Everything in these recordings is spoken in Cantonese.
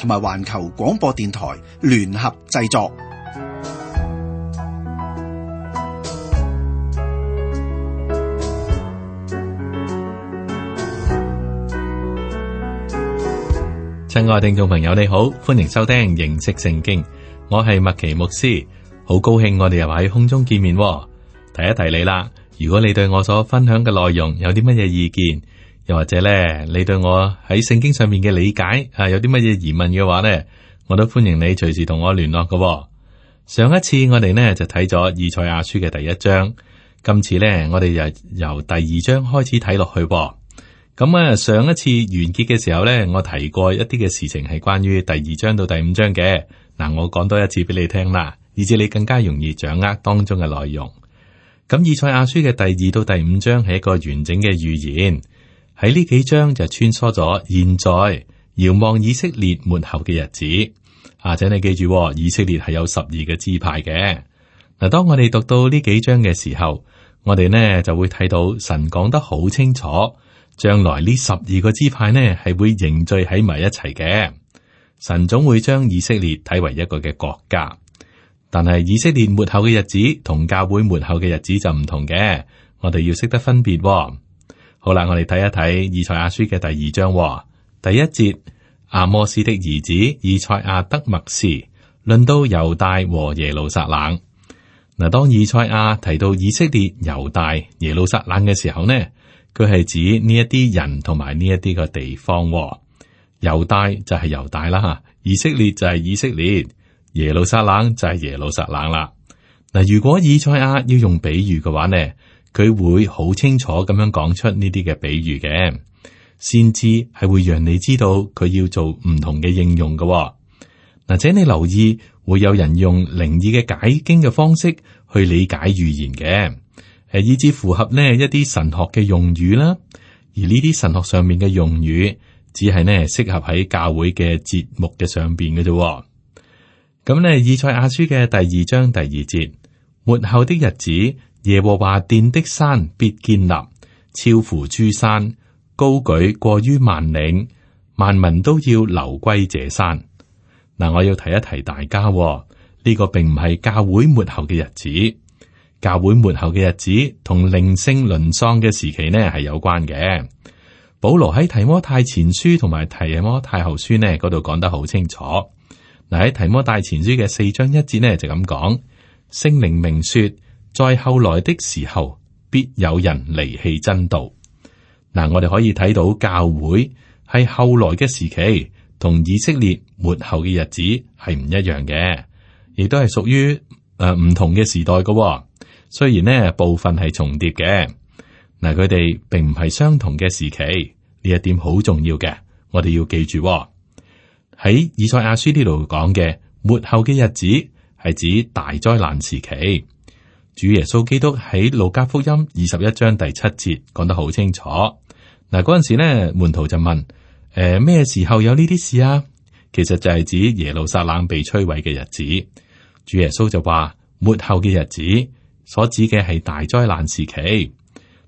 同埋環球廣播電台聯合製作。親愛嘅聽眾朋友，你好，歡迎收聽認識聖經，我係麥奇牧師，好高興我哋又喺空中見面。提一提你啦，如果你對我所分享嘅內容有啲乜嘢意見，又或者咧，你對我喺聖經上面嘅理解啊，有啲乜嘢疑問嘅話呢，我都歡迎你隨時同我聯絡嘅。上一次我哋呢就睇咗以賽亞書嘅第一章，今次呢，我哋就由第二章開始睇落去。咁啊，上一次完結嘅時候呢，我提過一啲嘅事情係關於第二章到第五章嘅。嗱，我講多一次俾你聽啦，以至你更加容易掌握當中嘅內容。咁以賽亞書嘅第二到第五章係一個完整嘅預言。喺呢幾張就穿梭咗現在遙望以色列末後嘅日子，啊，者你記住，以色列係有十二個支派嘅。嗱，當我哋讀到呢幾張嘅時候，我哋呢就會睇到神講得好清楚，將來呢十二個支派呢係會凝聚喺埋一齊嘅。神總會將以色列睇為一個嘅國家，但係以色列末後嘅日子同教會末後嘅日子就唔同嘅，我哋要識得分別、哦。好啦，我哋睇一睇以賽亞書嘅第二章、哦，第一節，阿摩斯的兒子以賽亞得默示論到猶大和耶路撒冷。嗱，當以賽亞提到以色列、猶大、耶路撒冷嘅時候呢，佢係指呢一啲人同埋呢一啲嘅地方、哦。猶大就係猶大啦，以色列就係以色列，耶路撒冷就係耶路撒冷啦。嗱，如果以賽亞要用比喻嘅話呢？佢會好清楚咁樣講出呢啲嘅比喻嘅，先至係會讓你知道佢要做唔同嘅應用嘅、哦。嗱，者你留意會有人用靈異嘅解經嘅方式去理解預言嘅，誒，以至符合呢一啲神學嘅用語啦。而呢啲神學上面嘅用語，只係呢適合喺教會嘅節目嘅上邊嘅啫。咁呢，以賽亞書嘅第二章第二節末後的日子。耶和華殿的山必建立，超乎諸山，高舉過於萬嶺。萬民都要流歸這山。嗱，我要提一提大家、哦，呢、呢個並唔係教會末後嘅日子。教會末後嘅日子同靈性淪喪嘅時期呢係有關嘅。保羅喺提摩太前書同埋提摩太後書呢嗰度講得好清楚。嗱，喺提摩太前書嘅四章一節呢就咁講，聖靈明說。在後來的時候，必有人離棄真道。嗱，我哋可以睇到教會係後來嘅時期，同以色列末後嘅日子係唔一樣嘅，亦都係屬於誒唔、呃、唔同嘅時代嘅、哦。雖然呢部分係重疊嘅，嗱，佢哋並唔係相同嘅時期，呢一點好重要嘅，我哋要記住喺、哦、以賽亞書呢度講嘅末後嘅日子係指大災難時期。主耶穌基督喺路加福音二十一章第七節講得好清楚。嗱，嗰陣時咧，門徒就問：誒、呃，咩時候有呢啲事啊？其實就係指耶路撒冷被摧毀嘅日子。主耶穌就話：末後嘅日子，所指嘅係大災難時期。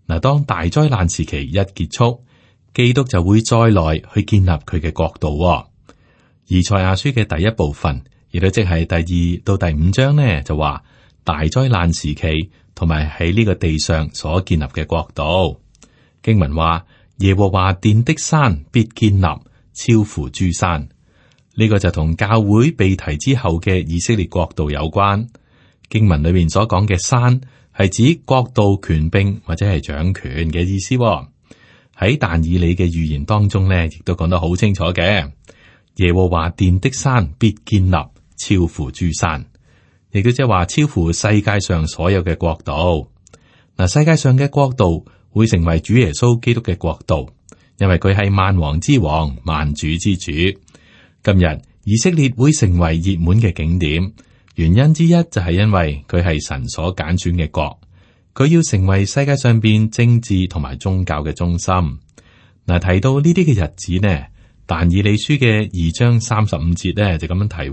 嗱，當大災難時期一結束，基督就會再來去建立佢嘅國度。而賽亞書嘅第一部分，亦都即係第二到第五章呢，就話。大災難時期，同埋喺呢個地上所建立嘅國度，經文話耶和華殿的山必建立，超乎諸山。呢個就同教會被提之後嘅以色列國度有關。經文裏面所講嘅山，係指國度權柄或者係掌權嘅意思。喺但以理嘅預言當中呢，亦都講得好清楚嘅。耶和華殿的山必建立，超乎諸山。亦佢即係話超乎世界上所有嘅國度嗱，世界上嘅國度會成為主耶穌基督嘅國度，因為佢係萬王之王，萬主之主。今日以色列會成為熱門嘅景點，原因之一就係因為佢係神所揀選嘅國，佢要成為世界上邊政治同埋宗教嘅中心嗱。提到呢啲嘅日子呢，但以理書嘅二章三十五節咧就咁樣提，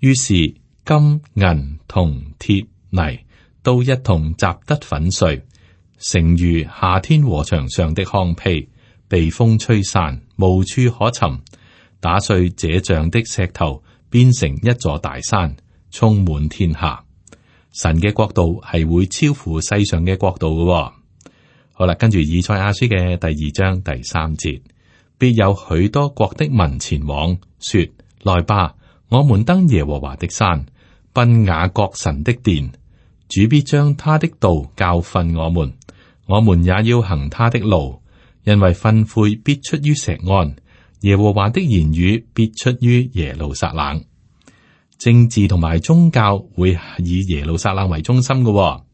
於是。金、銀、銅、鐵、泥都一同砸得粉碎，成如夏天禾場上的糠皮，被風吹散，無處可尋。打碎這像的石頭，變成一座大山，充滿天下。神嘅國度係會超乎世上嘅國度嘅、哦。好啦，跟住以賽亞書嘅第二章第三節，必有許多國的民前往，說：來吧，我們登耶和華的山。奔雅各神的殿，主必將他的道教訓我們，我們也要行他的路，因為訓誨必出於錫安，耶和華的言語必出於耶路撒冷。政治同埋宗教會以耶路撒冷為中心嘅、哦，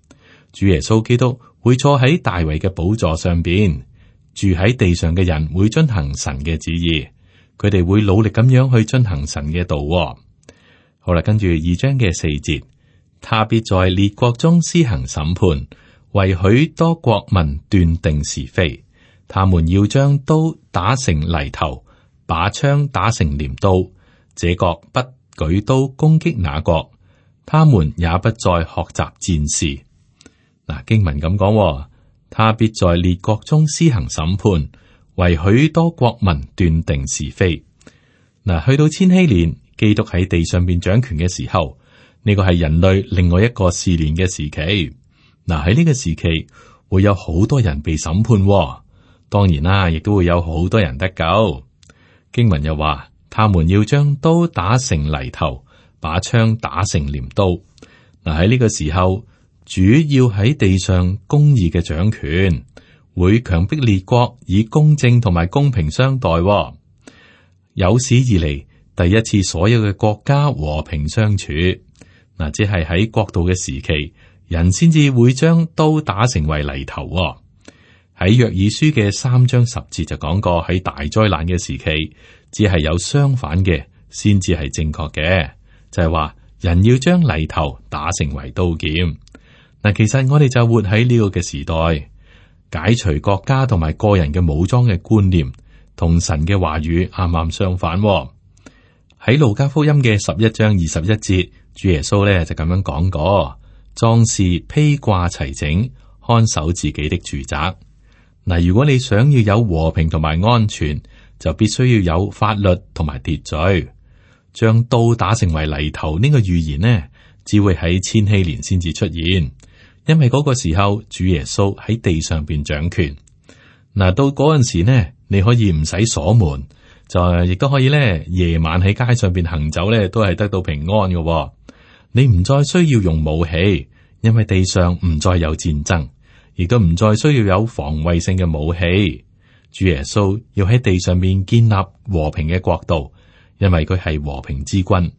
主耶穌基督會坐喺大衛嘅寶座上邊，住喺地上嘅人會遵行神嘅旨意，佢哋會努力咁樣去遵行神嘅道、哦。好啦，跟住二章嘅四節，他必在列國中施行審判，為許多國民斷定是非。他們要將刀打成犁頭，把槍打成鐮刀。這國不舉刀攻擊那國，他們也不再學習戰事。嗱，經文咁講，他必在列國中施行審判，為許多國民斷定是非。嗱，去到千禧年。基督喺地上邊掌權嘅時候，呢個係人類另外一個試煉嘅時期。嗱、啊，喺呢個時期會有好多人被審判、哦，當然啦、啊，亦都會有好多人得救。經文又話，他們要將刀打成犁頭，把槍打成鐮刀。嗱、啊，喺呢個時候，主要喺地上公義嘅掌權會強迫列國以公正同埋公平相待、哦。有史以嚟，第一次，所有嘅國家和平相處。嗱，只係喺國度嘅時期，人先至會將刀打成為犁頭喎。喺約爾書嘅三章十節就講過，喺大災難嘅時期，只係有相反嘅先至係正確嘅，就係話人要將犁頭打成為刀劍嗱。其實我哋就活喺呢個嘅時代，解除國家同埋個人嘅武裝嘅觀念，同神嘅話語啱啱相反喎。喺路加福音嘅十一章二十一節，主耶穌咧就咁樣講過：壯士披掛齊整，看守自己的住宅。嗱，如果你想要有和平同埋安全，就必須要有法律同埋秩序。將刀打成為犁頭，呢個預言呢，只會喺千禧年先至出現，因為嗰個時候主耶穌喺地上邊掌權。嗱，到嗰陣時呢，你可以唔使鎖門。就亦都可以咧。夜晚喺街上邊行走咧，都係得到平安嘅、哦。你唔再需要用武器，因為地上唔再有戰爭，亦都唔再需要有防衛性嘅武器。主耶穌要喺地上面建立和平嘅國度，因為佢係和平之君。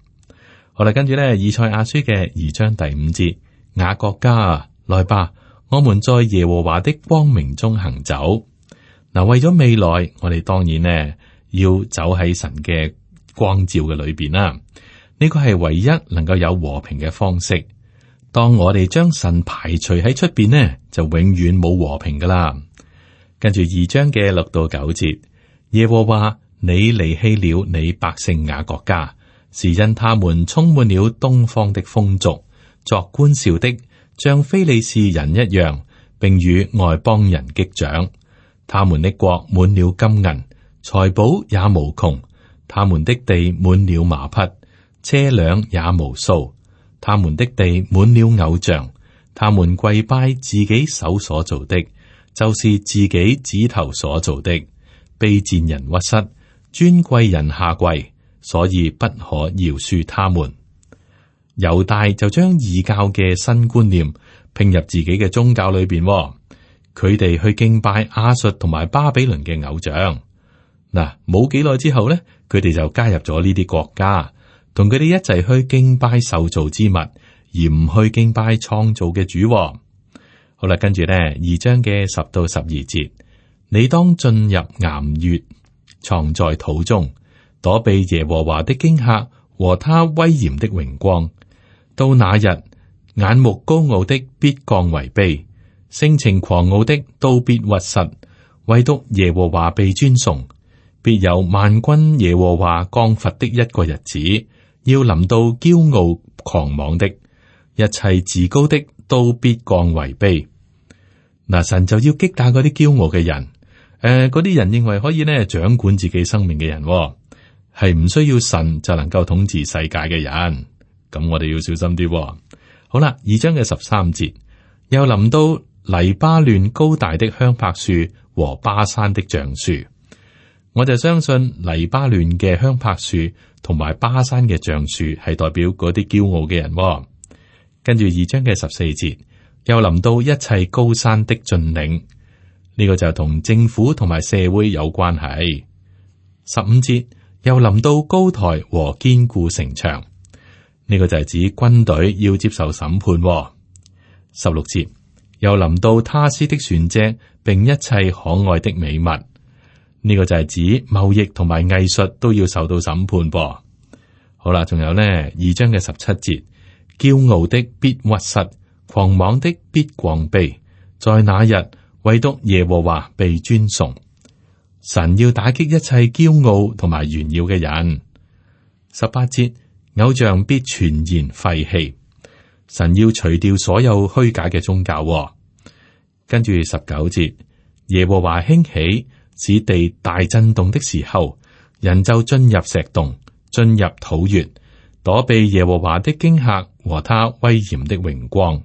好啦，跟住咧，以賽亞書嘅二章第五節，雅各家來吧，我們在耶和華的光明中行走。嗱、呃，為咗未來，我哋當然咧。要走喺神嘅光照嘅裏邊啦。呢個係唯一能夠有和平嘅方式。當我哋將神排除喺出邊呢，就永遠冇和平噶啦。跟住二章嘅六到九節，耶和華你離棄了你百姓雅各家，是因他們充滿了東方的風俗，作觀兆的像非利士人一樣，並與外邦人擊掌。他們的國滿了金銀。財寶也無窮，他們的地滿了馬匹，車輛也無數。他們的地滿了偶像，他們跪拜自己手所做的，就是自己指頭所做的。卑賤人屈膝，尊貴人下跪，所以不可饒恕他們。猶大就將異教嘅新觀念拼入自己嘅宗教裏邊，佢哋去敬拜亞述同埋巴比倫嘅偶像。嗱，冇幾耐之後咧，佢哋就加入咗呢啲國家，同佢哋一齊去敬拜受造之物，而唔去敬拜創造嘅主。好啦，跟住咧二章嘅十到十二節，你當進入巖穴，藏在土中，躲避耶和華的驚嚇和他威嚴的榮光。到那日，眼目高傲的必降為卑，性情狂傲的都必屈膝，唯獨耶和華被尊崇。必有萬軍耶和華降罰的一個日子，要臨到驕傲狂妄的一切自高的，都必降為卑。嗱，神就要擊打嗰啲驕傲嘅人。誒、呃，嗰啲人認為可以咧掌管自己生命嘅人、哦，係唔需要神就能夠統治世界嘅人。咁我哋要小心啲、哦。好啦，二章嘅十三節又臨到黎巴嫩高大的香柏樹和巴山的橡樹。我就相信黎巴嫩嘅香柏樹同埋巴山嘅橡樹係代表嗰啲驕傲嘅人、哦。跟住二章嘅十四節又臨到一切高山的峻嶺，呢、這個就同政府同埋社會有關係。十五節又臨到高台和堅固城牆，呢、這個就係指軍隊要接受審判、哦。十六節又臨到他施的船隻並一切可愛的美物。呢個就係指貿易同埋藝術都要受到審判噃。好啦，仲有呢二章嘅十七節，驕傲的必屈膝，狂妄的必狂卑。在那日，唯獨耶和華被尊崇。神要打擊一切驕傲同埋炫耀嘅人。十八節，偶像必全然廢棄。神要除掉所有虛假嘅宗教。跟住十九節，耶和華興起，此地大震動的時候，人就進入石洞，進入土穴，躲避耶和華的驚嚇和他威嚴的榮光。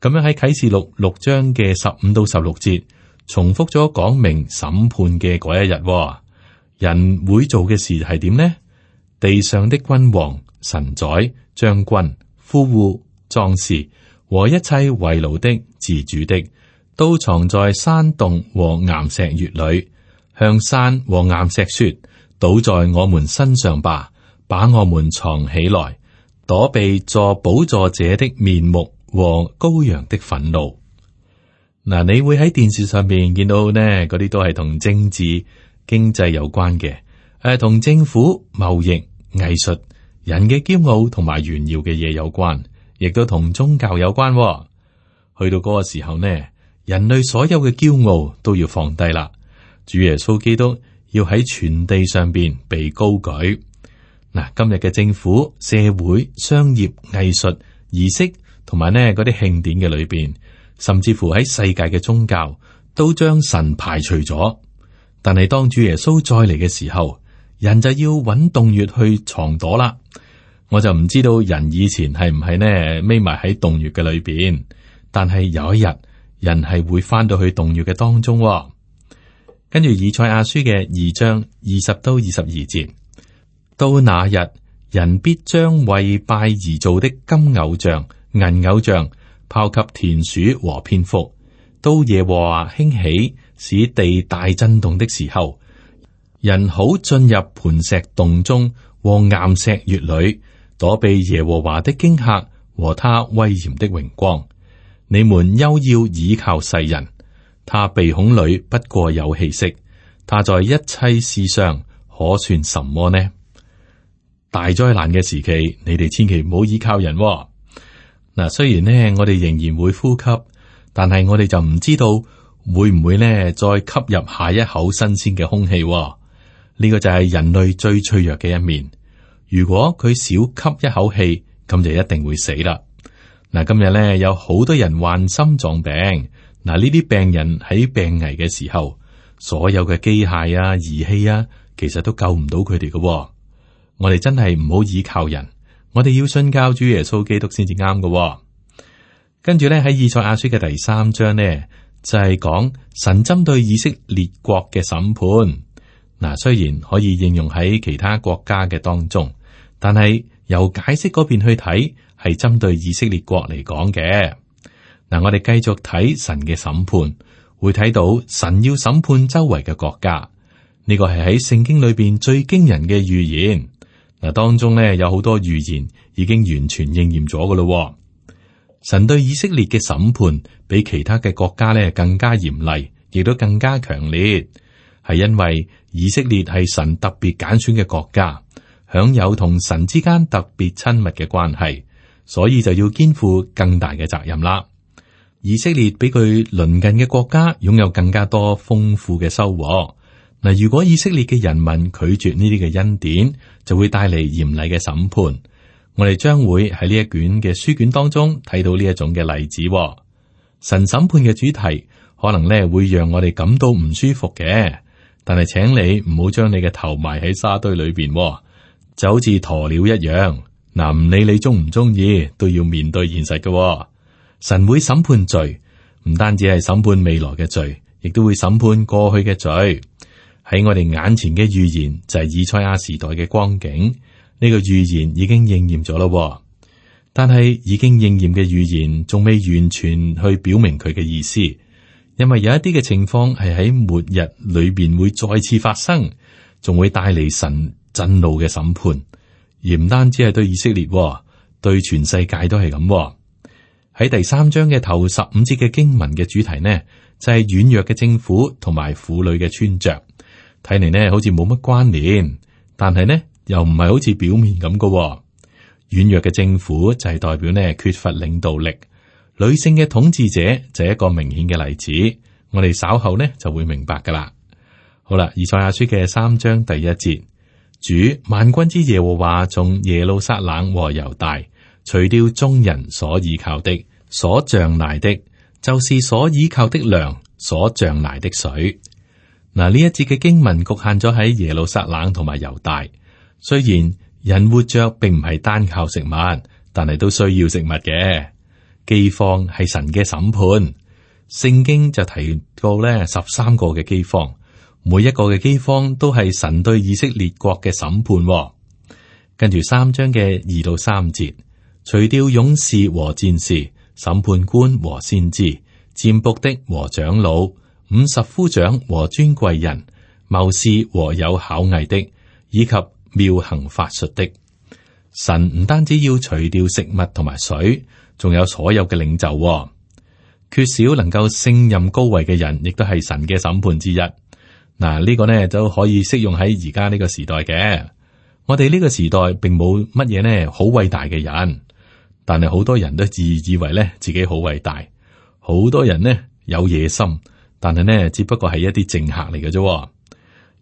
咁樣喺啟示錄六章嘅十五到十六節，重複咗講明審判嘅嗰一日、哦，人會做嘅事係點呢？地上的君王、神宰、將軍、富戶、壯士和一切為奴的、自主的。都藏在山洞和岩石穴裏，向山和岩石說：倒在我們身上吧，把我們藏起來，躲避坐寶座者的面目和羔羊的憤怒。嗱、啊，你會喺電視上面見到呢嗰啲都係同政治、經濟有關嘅，誒，同政府、貿易、藝術、人嘅驕傲同埋炫耀嘅嘢有關，亦都同宗教有關、哦。去到嗰個時候呢。人類所有嘅驕傲都要放低啦。主耶穌基督要喺全地上邊被高舉。嗱，今日嘅政府、社會、商業、藝術、儀式，同埋呢嗰啲慶典嘅裏邊，甚至乎喺世界嘅宗教都將神排除咗。但係當主耶穌再嚟嘅時候，人就要揾洞穴去藏躲啦。我就唔知道人以前係唔係呢，眯埋喺洞穴嘅裏邊，但係有一日。人係會返到去洞穴嘅當中、哦，跟住以賽亞書嘅二章二十到二十二節，到那日人必將為拜而造的金偶像、銀偶像拋給田鼠和蝙蝠，到耶和華興起使地大震動的時候，人好進入磐石洞中和岩石穴裏躲避耶和華的驚嚇和他威嚴的榮光。你們休要倚靠世人，他鼻孔裏不過有氣息，他在一切事上可算什麼呢？大災難嘅時期，你哋千祈唔好倚靠人、哦。嗱，雖然呢我哋仍然會呼吸，但係我哋就唔知道會唔會呢再吸入下一口新鮮嘅空氣、哦。呢個就係人類最脆弱嘅一面。如果佢少吸一口氣，咁就一定會死啦。嗱，今日咧有好多人患心臟病，嗱，呢啲病人喺病危嘅時候，所有嘅機械啊、儀器啊，其實都救唔到佢哋嘅。我哋真係唔好倚靠人，我哋要信教主耶穌基督先至啱嘅。跟住咧喺以賽亞書嘅第三章咧，就係講神針對以色列國嘅審判。嗱，雖然可以應用喺其他國家嘅當中，但係由解釋嗰邊去睇。係針對以色列國嚟講嘅。嗱，我哋繼續睇神嘅審判，會睇到神要審判周圍嘅國家呢、呢個係喺聖經裏邊最驚人嘅預言嗱、啊。當中呢，有好多預言已經完全應驗咗噶咯。神對以色列嘅審判比其他嘅國家呢更加嚴厲，亦都更加強烈，係因為以色列係神特別揀選嘅國家，享有同神之間特別親密嘅關係。所以就要肩負更大嘅責任啦。以色列比佢鄰近嘅國家擁有更加多豐富嘅收穫。嗱，如果以色列嘅人民拒絕呢啲嘅恩典，就會帶嚟嚴厲嘅審判。我哋將會喺呢一卷嘅書卷當中睇到呢一種嘅例子。神審判嘅主題可能咧會讓我哋感到唔舒服嘅，但係請你唔好將你嘅頭埋喺沙堆裏邊，就好似鴕鳥一樣。嗱，唔理你中唔中意，都要面對現實嘅、哦。神會審判罪，唔單止係審判未來嘅罪，亦都會審判過去嘅罪。喺我哋眼前嘅預言就係、是、以賽亞時代嘅光景，呢、這個預言已經應驗咗咯、哦。但係已經應驗嘅預言仲未完全去表明佢嘅意思，因為有一啲嘅情況係喺末日裏邊會再次發生，仲會帶嚟神震怒嘅審判。而唔單止係對以色列，對全世界都係咁。喺第三章嘅頭十五節嘅經文嘅主題呢，就係軟弱嘅政府同埋婦女嘅穿着。睇嚟呢，好似冇乜關聯，但係呢，又唔係好似表面咁嘅。軟弱嘅政府就係代表呢缺乏領導力，女性嘅統治者就係一個明顯嘅例子。我哋稍後呢就會明白噶啦。好啦，以賽亞書嘅三章第一節。主萬軍之耶和華從耶路撒冷和猶大除掉眾人所倚靠的、所仗賴的，就是所倚靠的糧、所仗賴的水。嗱，呢一節嘅經文局限咗喺耶路撒冷同埋猶大。雖然人活着並唔係單靠食物，但係都需要食物嘅。饑荒係神嘅審判。聖經就提到咧十三個嘅饑荒。每一個嘅饑荒，都係神對以色列國嘅審判，哦。跟住三章嘅二到三節，除掉勇士和戰士、審判官和先知、占卜的和長老、五十夫長和尊貴人、謀士和有巧藝的，以及妙行法術的。神唔單止要除掉食物同埋水，仲有所有嘅領袖、哦，缺少能夠勝任高位嘅人，亦都係神嘅審判之一。嗱，呢個呢就可以適用喺而家呢個時代嘅。我哋呢個時代並冇乜嘢呢好偉大嘅人，但係好多人都自以為咧自己好偉大。好多人呢有野心，但係呢只不過係一啲政客嚟嘅啫。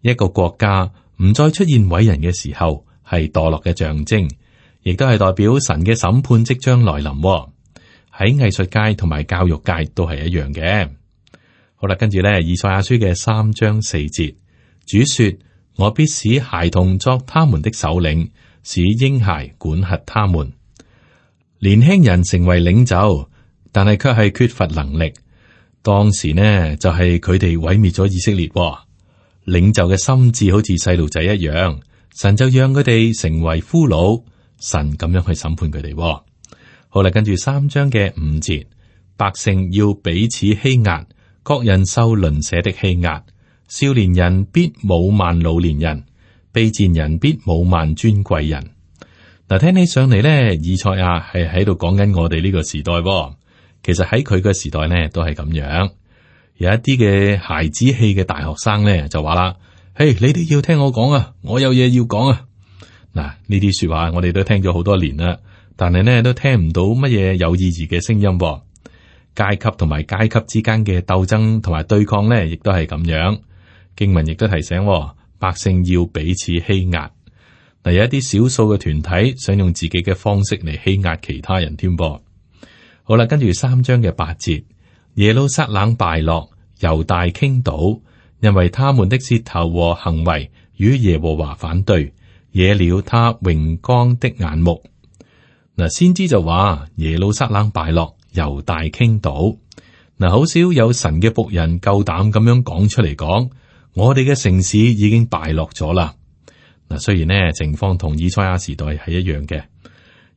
一個國家唔再出現偉人嘅時候，係墮落嘅象徵，亦都係代表神嘅審判即將來臨。喺藝術界同埋教育界都係一樣嘅。好啦，跟住咧，以賽亞書嘅三章四節，主說：我必使孩童作他們的首領，使嬰孩管轄他們。年輕人成為領袖，但係卻係缺乏能力。當時呢就係佢哋毀滅咗以色列哦。領袖嘅心智好似細路仔一樣，神就讓佢哋成為俘虜，神咁樣去審判佢哋哦。好啦，跟住三章嘅五節，百姓要彼此欺壓，各人受鄰舍的欺壓，少年人必侮慢老年人，卑賤人必侮慢尊貴人。嗱，聽起上嚟咧，以賽亞係喺度講緊我哋呢個時代。其實喺佢嘅時代呢，都係咁樣。有一啲嘅孩子氣嘅大學生咧，就話啦：嘿，你哋要聽我講啊，我有嘢要講啊。嗱，呢啲說話我哋都聽咗好多年啦，但係咧都聽唔到乜嘢有意義嘅聲音。階級同埋階級之間嘅鬥爭同埋對抗呢，亦都係咁樣。經文亦都提醒、哦、百姓要彼此欺壓。嗱，有一啲少數嘅團體想用自己嘅方式嚟欺壓其他人添，噃，好啦，跟住三章嘅八節，耶路撒冷敗落，猶大傾倒，因為他們的舌頭和行為與耶和華反對，惹了他榮光的眼目。嗱，先知就話耶路撒冷敗落。猶大傾倒，嗱，好少有神嘅僕人夠膽咁樣講出嚟講，我哋嘅城市已經敗落咗啦。嗱，雖然呢情況同以賽亞時代係一樣嘅，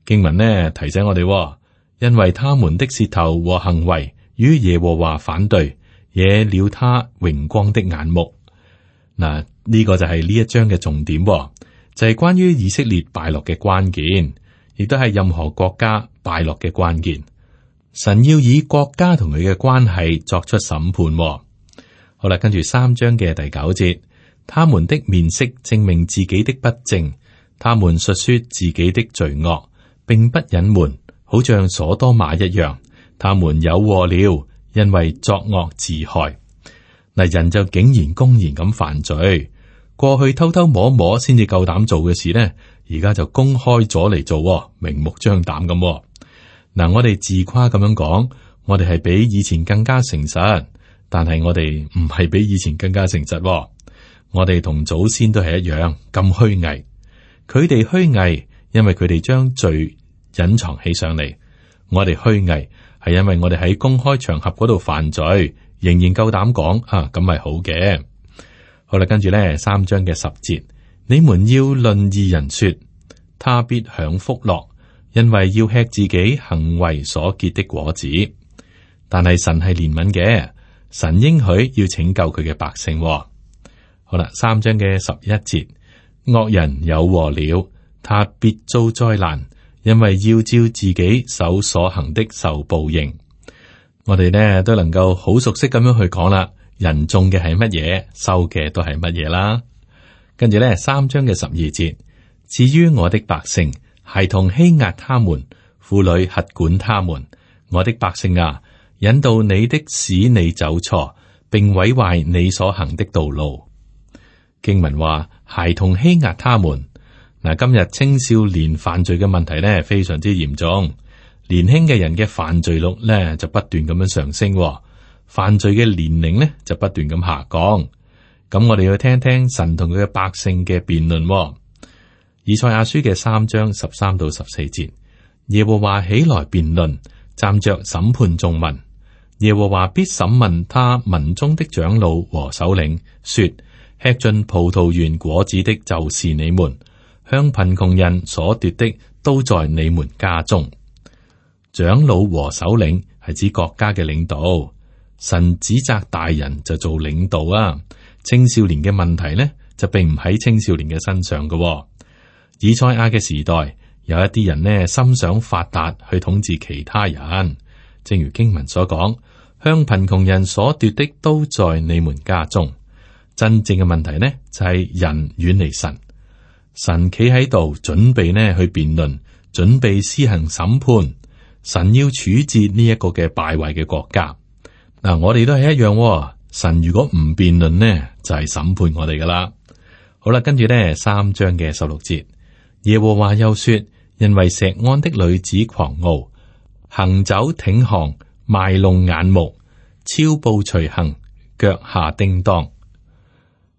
經文呢提醒我哋、哦，因為他們的舌頭和行為與耶和華反對，惹了他榮光的眼目。嗱、嗯、呢、這個就係呢一章嘅重點、哦，就係、是、關於以色列敗落嘅關鍵，亦都係任何國家敗落嘅關鍵。神要以國家同佢嘅關係作出審判、哦。好啦，跟住三章嘅第九節，他們的面色證明自己的不正，他們述說自己的罪惡，並不隱瞞，好像所多瑪一樣。他們有禍了，因為作惡自害。嗱，人就竟然公然咁犯罪，過去偷偷摸摸先至夠膽做嘅事呢，而家就公開咗嚟做、哦，明目張膽咁、哦。嗱，我哋自誇咁樣講，我哋係比以前更加誠實，但係我哋唔係比以前更加誠實、哦。我哋同祖先都係一樣咁虛偽。佢哋虛偽，虛偽因為佢哋將罪隱藏起上嚟；我哋虛偽，係因為我哋喺公開場合嗰度犯罪，仍然夠膽講啊，咁係好嘅。好啦，跟住咧三章嘅十節，你們要論義人說，他必享福樂。因為要吃自己行為所結的果子，但係神係憐憫嘅，神應許要拯救佢嘅百姓、哦。好啦，三章嘅十一節，惡人有禍了，他必遭災難，因為要照自己手所行的受報應。我哋呢都能夠好熟悉咁樣去講啦，人種嘅係乜嘢，收嘅都係乜嘢啦。跟住咧，三章嘅十二節，至於我的百姓。孩童欺壓他們，婦女轄管他們。我的百姓啊，引導你的使你走錯，並毀壞你所行的道路。經文話孩童欺壓他們。嗱，今日青少年犯罪嘅問題呢，非常之嚴重。年輕嘅人嘅犯罪率呢，就不斷咁樣上升，犯罪嘅年齡呢，就不斷咁下降。咁我哋要聽聽神同佢嘅百姓嘅辯論。以賽亞書嘅三章十三到十四節，耶和華起來辯論，站着審判眾民。耶和華必審問他民中的長老和首領，說：吃盡葡萄園果子的，就是你們向貧窮人所奪的，都在你們家中。長老和首領係指國家嘅領導。神指責大人就做領導啊。青少年嘅問題呢，就並唔喺青少年嘅身上嘅，哦。以賽亞嘅時代，有一啲人呢，心想發達，去統治其他人。正如經文所講，向貧窮人所奪的都在你們家中。真正嘅問題呢，就係人遠離神，神企喺度準備呢，去辯論，準備施行審判。神要處置呢一個嘅敗壞嘅國家。嗱，我哋都係一樣喎。神如果唔辯論呢，就係審判我哋噶啦。好啦，跟住呢，三章嘅十六節。耶和華又說：，因為石安的女子狂傲，行走挺行，賣弄眼目，超步隨行，腳下叮當。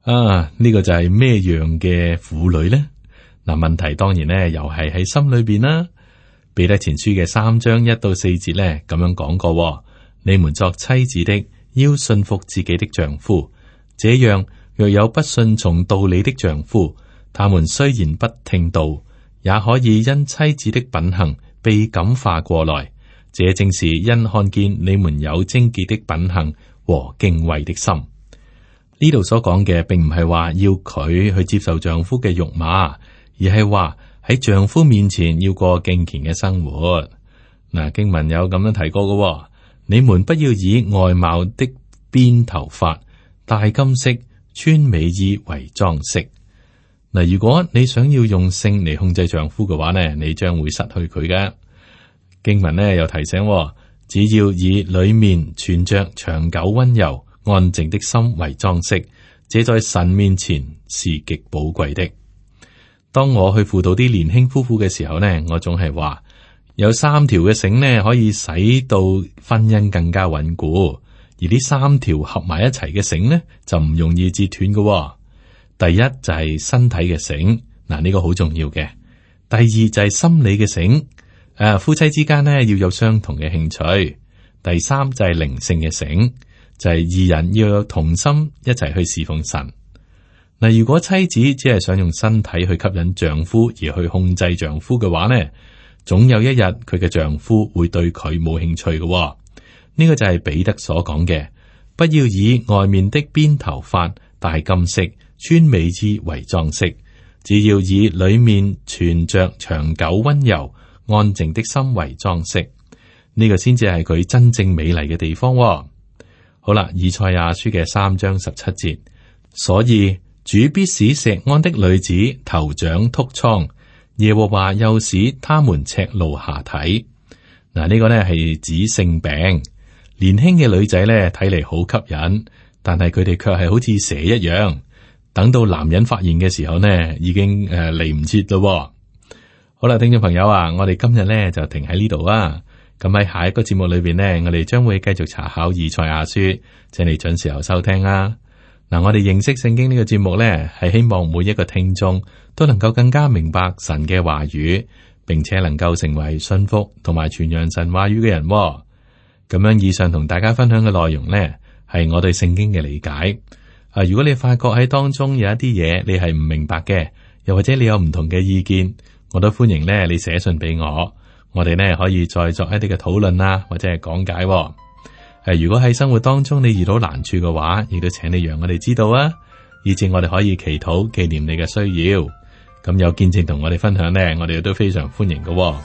啊，呢、這個就係咩樣嘅婦女呢？嗱、啊，問題當然咧，又係喺心裏邊啦。彼得前書嘅三章一到四節呢，咁樣講過、哦：，你們作妻子的，要信服自己的丈夫，這樣，若有不信從道理的丈夫，他們雖然不聽道，也可以因妻子的品行被感化過來。這正是因看見你們有貞潔的品行和敬畏的心。呢度所講嘅，並唔係話要佢去接受丈夫嘅辱罵，而係話喺丈夫面前要過敬虔嘅生活。嗱、啊，經文有咁樣提過嘅，你們不要以外貌的編頭髮、戴金色、穿美衣為裝飾。嗱，如果你想要用性嚟控制丈夫嘅話呢，你將會失去佢嘅。經文呢又提醒，哦，只要以裏面存着長久温柔安靜的心為裝飾，這在神面前是極寶貴的。當我去輔導啲年輕夫婦嘅時候呢，我總係話有三條嘅繩呢，可以使到婚姻更加穩固，而呢三條合埋一齊嘅繩呢，就唔容易折斷嘅。第一就係身體嘅性，嗱、這、呢個好重要嘅。第二就係心理嘅性，誒、啊，夫妻之間呢，要有相同嘅興趣。第三就係靈性嘅性，就係、是、二人要有同心一齊去侍奉神。嗱、啊，如果妻子只係想用身體去吸引丈夫，而去控制丈夫嘅話呢，總有一日佢嘅丈夫會對佢冇興趣嘅、哦。呢、這個就係彼得所講嘅，不要以外面的邊頭髮戴金飾。」穿美衣為裝飾，只要以裏面存着長久溫柔安靜的心為裝飾，呢個先至係佢真正美麗嘅地方喎。好啦，以賽亞書嘅三章十七節，所以主必使錫安的女子頭長禿瘡，耶和華又使他們赤露下體。嗱，呢個呢係指性病。年輕嘅女仔呢，睇嚟好吸引，但係佢哋卻係好似蛇一樣。等到男人發現嘅時候呢，已經誒嚟唔切咯。好啦，聽眾朋友啊，我哋今日呢就停喺呢度啊。咁、嗯、喺下一個節目裏邊呢，我哋將會繼續查考以賽亞書，請你準時候收聽啊。嗱、嗯，我哋認識聖經呢、這個節目呢，係希望每一個聽眾都能夠更加明白神嘅話語，並且能夠成為信服同埋傳揚神話語嘅人。咁樣，以上同大家分享嘅內容呢，係我對聖經嘅理解。啊！如果你發覺喺當中有一啲嘢你係唔明白嘅，又或者你有唔同嘅意見，我都歡迎咧你寫信俾我，我哋咧可以再作一啲嘅討論啦、啊，或者係講解、啊。誒，如果喺生活當中你遇到難處嘅話，亦都請你讓我哋知道啊，以致我哋可以祈禱紀念你嘅需要。咁有見證同我哋分享呢，我哋都非常歡迎嘅、啊。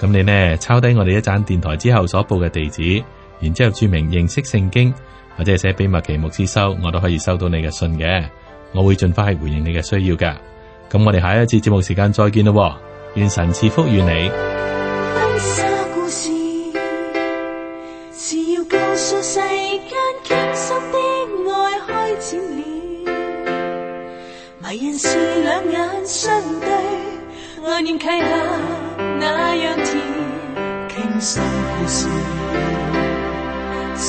咁你呢，抄低我哋一盞電台之後所報嘅地址，然之後注明認識聖經。或者寫秘密期目之收，我都可以收到你嘅信嘅，我會盡快去回應你嘅需要嘅。咁我哋下一次節目時間再見咯，願神賜福於你。故事是要告訴世間傾心的愛開展了，迷人是兩眼相對，愛念契合那樣甜。傾心故事。